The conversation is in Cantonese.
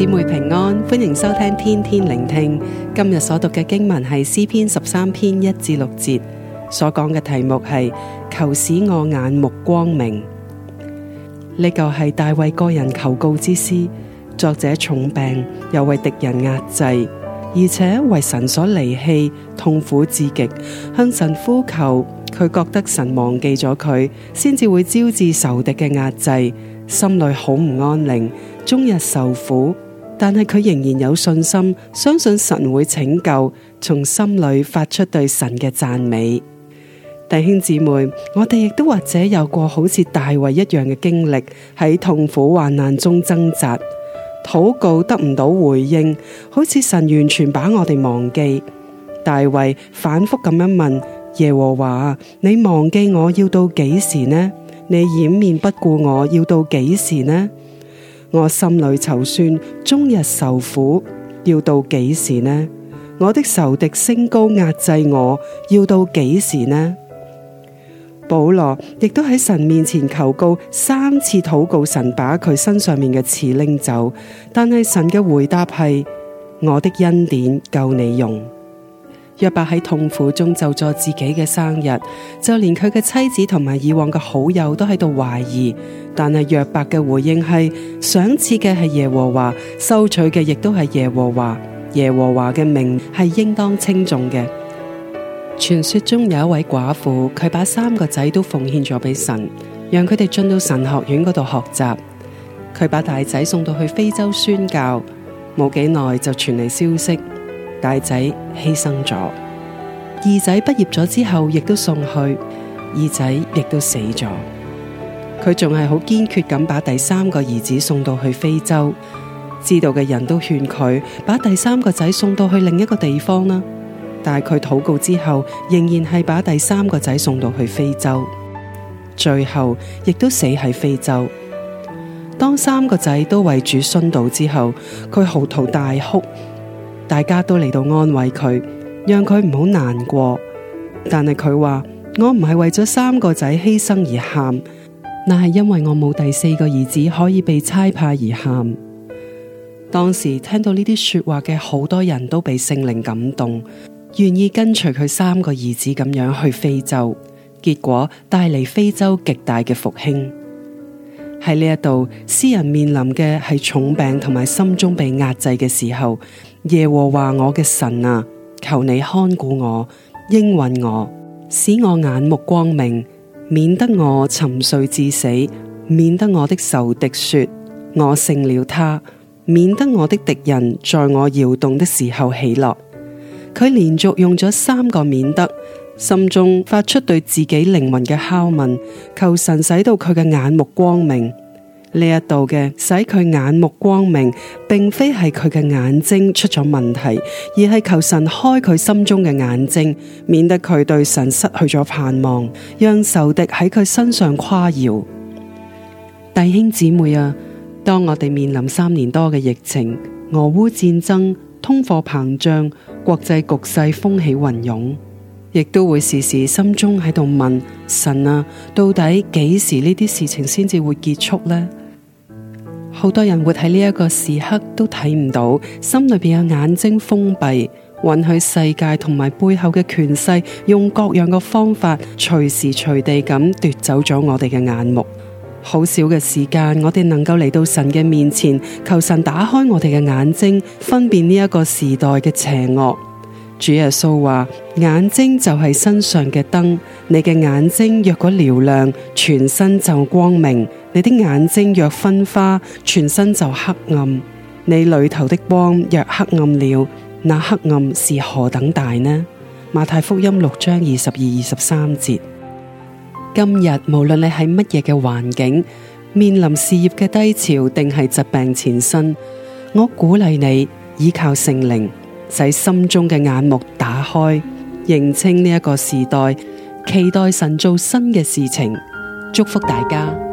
姊妹平安，歡迎收聽天天聆聽。今日所讀嘅經文係詩篇十三篇一至六節，所講嘅題目係求使我眼目光明。呢、這個係大衛個人求告之詩，作者重病又為敵人壓制，而且為神所離棄，痛苦至極，向神呼求。佢覺得神忘記咗佢，先至會招致仇敵嘅壓制，心裏好唔安寧，終日受苦。但係佢仍然有信心，相信神會拯救，從心裏發出對神嘅讚美。弟兄姊妹，我哋亦都或者有過好似大衛一樣嘅經歷，喺痛苦患難中掙扎，禱告得唔到回應，好似神完全把我哋忘記。大衛反覆咁樣問耶和華：你忘記我要到幾時呢？你掩面不顧我要到幾時呢？我心裏籌算，終日受苦，要到幾時呢？我的仇敵升高壓制我，要到幾時呢？保羅亦都喺神面前求告三次禱告，神把佢身上面嘅刺拎走，但係神嘅回答係：我的恩典夠你用。約伯喺痛苦中就作自己嘅生日，就連佢嘅妻子同埋以往嘅好友都喺度懷疑。但係約伯嘅回應係：賞賜嘅係耶和華，收取嘅亦都係耶和華。耶和華嘅命名係應當稱頌嘅。傳說中有一位寡婦，佢把三個仔都奉獻咗俾神，讓佢哋進到神學院嗰度學習。佢把大仔送到去非洲宣教，冇幾耐就傳嚟消息。大仔犧牲咗，二仔畢業咗之後，亦都送去，二仔亦都死咗。佢仲係好堅決咁把第三個兒子送到去非洲，知道嘅人都勸佢把第三個仔送到去另一個地方啦。但係佢禱告之後，仍然係把第三個仔送到去非洲，最後亦都死喺非洲。當三個仔都為主殉道之後，佢嚎啕大哭。大家都嚟到安慰佢，讓佢唔好難過。但係佢話：我唔係為咗三個仔犧牲而喊，但係因為我冇第四個兒子可以被差派而喊。當時聽到呢啲說話嘅好多人都被聖靈感動，願意跟隨佢三個兒子咁樣去非洲，結果帶嚟非洲極大嘅復興。喺呢一度，詩人面臨嘅係重病同埋心中被壓制嘅時候。耶和華我嘅神啊，求你看顧我，應允我，使我眼目光明，免得我沉睡至死，免得我的仇敵說我勝了他，免得我的敵人在我搖動的時候喜樂。佢連續用咗三個免得，心中發出對自己靈魂嘅拷問，求神使到佢嘅眼目光明。呢一度嘅使佢眼目光明，並非係佢嘅眼睛出咗問題，而係求神開佢心中嘅眼睛，免得佢對神失去咗盼望，讓仇敵喺佢身上誇耀。弟兄姊妹啊，當我哋面臨三年多嘅疫情、俄烏戰爭、通貨膨脹、國際局勢風起雲湧，亦都會時時心中喺度問，神啊，到底幾時呢啲事情先至會結束呢？好多人活喺呢一個時刻都睇唔到，心裏邊嘅眼睛封閉，允許世界同埋背後嘅權勢用各樣嘅方法，隨時隨地咁奪走咗我哋嘅眼目。好少嘅時間，我哋能夠嚟到神嘅面前，求神打開我哋嘅眼睛，分辨呢一個時代嘅邪惡。主耶穌話：眼睛就係身上嘅燈，你嘅眼睛若果嘹亮，全身就光明；你的眼睛若昏花，全身就黑暗。你裏頭的光若黑暗了，那黑暗是何等大呢？馬太福音六章二十二、二十三節。今日無論你喺乜嘢嘅環境，面臨事業嘅低潮，定係疾病纏身，我鼓勵你依靠聖靈。使心中嘅眼目打開，認清呢一個時代，期待神做新嘅事情，祝福大家。